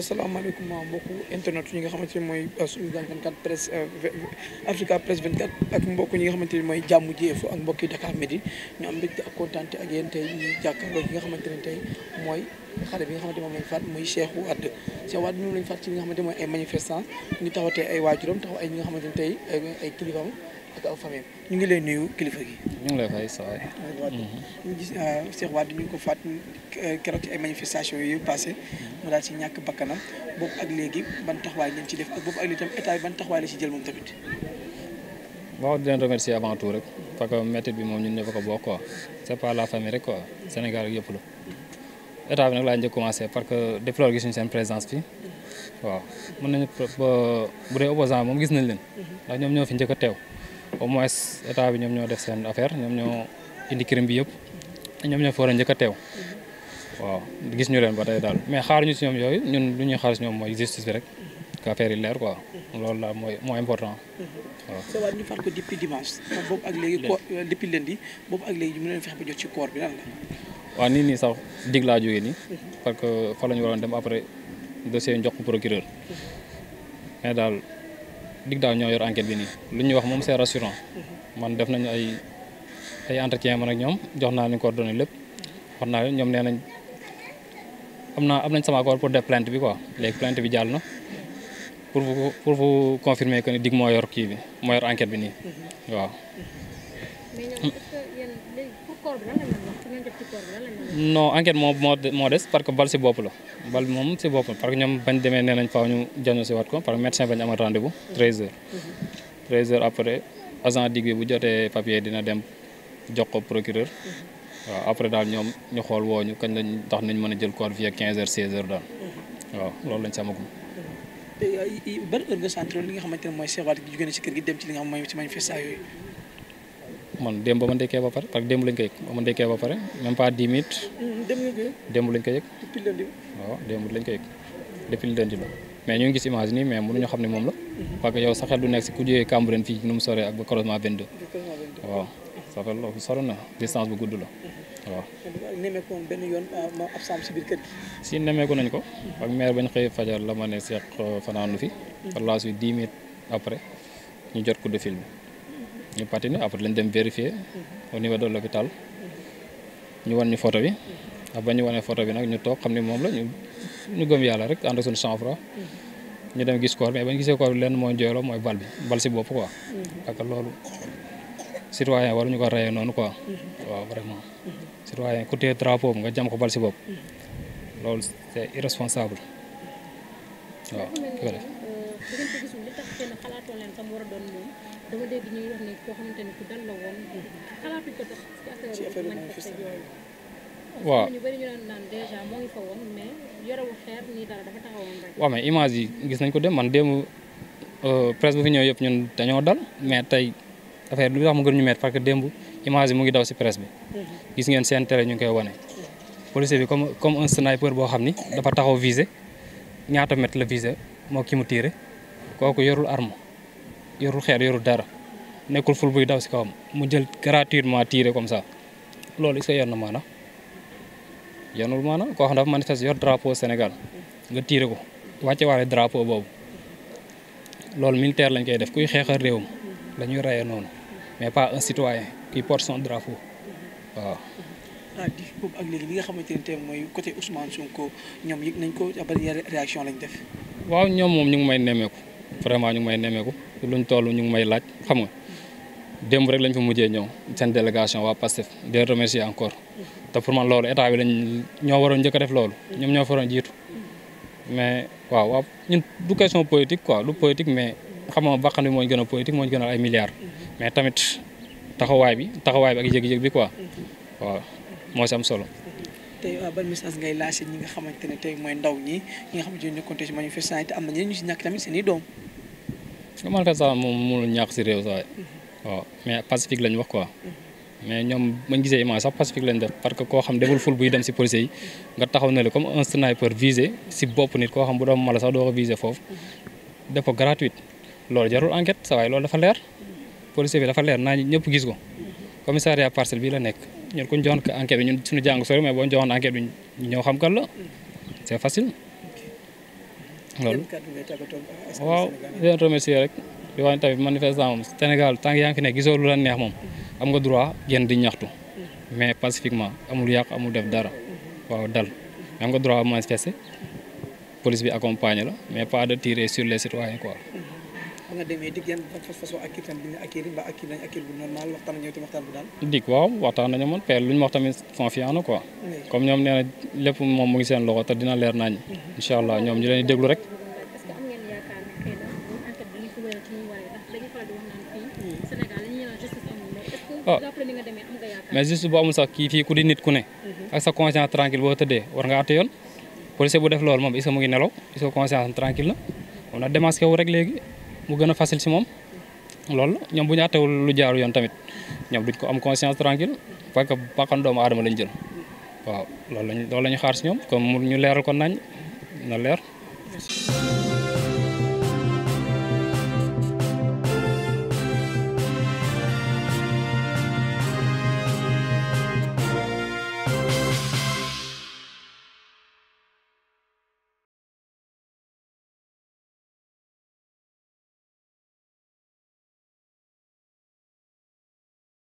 asalaamaaleykum mbokku internet ñi nga xamante ni mooy suñu gaal 24 presse euh, Africa presse 24 ak mbokk ñi nga xamante ni mooy jàmm ji info ak mbokki Dakar Midi ñu am mbégte ak kontaante ak yéen tey ñuy jàkkaarloo ki nga xamante ne tey mooy xale bi nga xamante moom lañ faat muy Cheikh Wade Cheikh Wade moom lañ faat ci li nga xamante mooy ay manifestants ñu taxawatee ay waajuram taxaw ay ñi nga xamante ne tey ay kilifaam ak ñu ngi lay nuyu kilifa gi. ñu ngi lay fay saa waay. Mhm. ñu gis euh, Cheikh ñu ngi ko faat euh, keroog ci ay manifestations yooyu passé mu daal ci ñàkk bakkanam boobu ak léegi ban taxawaay ngeen ci def ak boobu ak léegi tam état bi ban taxawaay la ci jël moom tamit. waaw di leen avant tout rek parce que métti bi moom ñun ñëpp ko boo quoi c'est pas la famille rek quoi Sénégal yëpp la état bi nag laa njëkk commencé parce que déplore gis nañu seen présence fii waaw mën nañu ba bu dee opposant moom gis nañ leen mhm. ndax ñoom ñoo fi njëkk a au moins état bi ñoom ñoo def seen affaire ñoom ñoo indi crime bi yëpp ñoom ñoo fi war a njëkk a teew waaw gis ñu leen ba tey daal mais xaar ñu si ñoom yooyu ñun lu ñuy xaar si ñoom mooy justice bi rek que affaire yi leer quoi loolu la mooy moo important waaw. sa waat ñu far ko depuis dimanche boobu ak léegi depuis lundi boobu ak léegi ñu leen sax dig laa jógee nii parce que fa la ñu waroon dem après dossier yi jox ko procureur mhm. mais daal. dig daaw ñoo yor enquête bi nii lu ñu wax moom c'est rassurant man def nañu ay ay entretien ma ak ñoom jox naa leen coordonnées lépp wax naa leen ñoom nee nañ am naa am nañ sama accord pour def plainte bi ko léegi plainte bi jàll na pour vous pour vous confirmer que ni dig moo yor kii bi moo yor enquête bi nii waaw Hmm. non enquête moo moo moo des parce que bal si bopp la bal moom si bopp la parce que ñoom bañ demee nee nañ faaw ñu jano si wat ko parce que médecin bañ amal rendez-vous 13 heures 13 mhm. heures après agent dig bi bu jotee papier dina dem jox ko procureur mhm. waaw après daal ñoom ñu xool woo ñu kañ lañ tax nañ mën a jël corps fii ak 15 heures 16 heures daal mhm. waaw loolu lañ samagum euh, ban heure nga li nga xamante ne man démb ba ma ndekkee ba pare parce démb lañ ko yëg ba ma ndekkee ba pare même dix minutes. Mm, démb lañ ko yëg. waaw démb lañ ko yëg depuis lundi mais ñu ngi gis image nii mais mënuñu xam ne moom la. Mm-hmm. parce que yow sa xel du nekk si ku mu soree ak ba croisement 22. waaw sa xel loolu na distance gudd la mm-hmm. waaw. nemmeeku euh, si biir nañ ko. ak maire bañ xëy fajar la ma ne Cheikh euh, fanaanu fi. Mm-hmm. par la suite dix minutes après ñu jot coup de fil bi. ñu patiné après lañ dem vérifier au niveau de l'hôpital ñu wan ñu photo bi ak ba ñu bi nag ñu toog xam ni moom la ñu ñu gëm yàlla rek ànd ak suñu sang-froid ñu dem gis corps mais ba ñu gisee corps bi lenn mooy jooyloo mooy bal bi bal si bopp quoi ak loolu citoyen waruñu ko reyee noonu quoi waaw vraiment citoyen ku téye drapeau nga jam ko bal si bopp loolu c'est irresponsable waaw dama waaw ñu mais image yi gis nañ ko dem man démb euh, presse bu fi ñëw yëpp ñun dañoo dal mais tey affaire bi lu tax mu gën ñu met parce que démb image mu ngi daw si presse bi mhm. gis ngeen seen télé ñu ngi koy wone policier bi comme comme un sniper boo xam ni dafa taxaw visé ñaata mètre la visé moo ki mu tiire kooku yorul arme yorul xeer yorul dara nekkul ful buy daw si kawam mu jël gratuitement tiré comme sax loolu est-ce que yor na maana yonul maana koo xam dafa manifeste yor drapeau Sénégal nga tiré ko wàcce waale drapeau boobu loolu militaire lañ koy def kuy xeexal réewam la lañuy rayee noonu mais pas un citoyen qui porte son drapeau waaw. ah di boobu nga xamante ne tey mooy côté Ousmane Sonko ñoom ko ban lañ def. waaw ñoom moom ñu ngi may nemmeeku vraiment ñu ngi may nemmeeku. luñ toll ñu ngi may laaj xam nga démb rek lañ fa mujjee ñëw seen délégation waa PASTEF di remercier encore te pour man loolu état bi lañ ñoo waroon njëkk a def loolu ñoom ñoo faroon jiitu mais waaw waaw ñun du question politique quoi du politique mais xam nga bàqan bi moo ñu gën a politique moo ñu gën a ay mais tamit taxawaay bi bi ak yëg-yëg bi quoi waaw moo si am solo. tey waaw ban message ngay laajte ñi nga xamante ne tey mooy ndaw ñi ñi nga ñu ñu si ñàkk tamit seen i doom. parce que maltraitance moom mënul ñàkk si réew sax mm-hmm. waaw mais pacifique lañ wax quoi mm-hmm. mais ñoom bañ gisee image sax pacifique lañ def parce que koo xam deful ful buy dem si policier yi mm-hmm. nga taxaw ne la comme un sniper visé si bopp nit koo xam bu doon mala sax doo ko visé foofu def ko gratuite loolu jarul enquête sa loolu dafa leer policier bi dafa leer naa ñëpp gis ko commissariat parcel bi la nekk ñun ku ñu joxoon enquête bi ñun suñu jàng sori mais boo ñu joxoon bi ñoo xam kan la loolu waaw di leen remercier rek di wax tamit manifestant moom Sénégal tant yaa ngi fi ne gisoo lu la neex moom am nga droit génn di ñaxtu mais pacifiquement amul yàq amul def dara waaw dal mais am nga droit manifester police bi accompagner la mais pas de tirer sur les citoyens quoi nga demee dig yan façon ak itam bi daal dig waaw waxtaan nañu man père lu ñu wax tamit confiant na quoi comme ñoom nee na lépp moom mu ngi seen loxo te dina leer nañ mhm. incha allah ñoom ñu leen di déglu rek waaw mais ah. juste bu amul sax kii fii ku di nit ku ne mhm. ak sa conscience tranquille boo tëddee war nga àtte yoon bu def loolu moom est mu ngi nelaw est-ce conscience tranquille na moom na démasqué rek léegi mu gën a facile si moom loolu ñoom bu ñu lu jaaru yoon tamit ñoom duñ ko am conscience tranquille parce que bakkan aadama lañ jël waaw loolu lañ loolu la ñu xaar si ñoom comme ñu leeral ko nañ na leer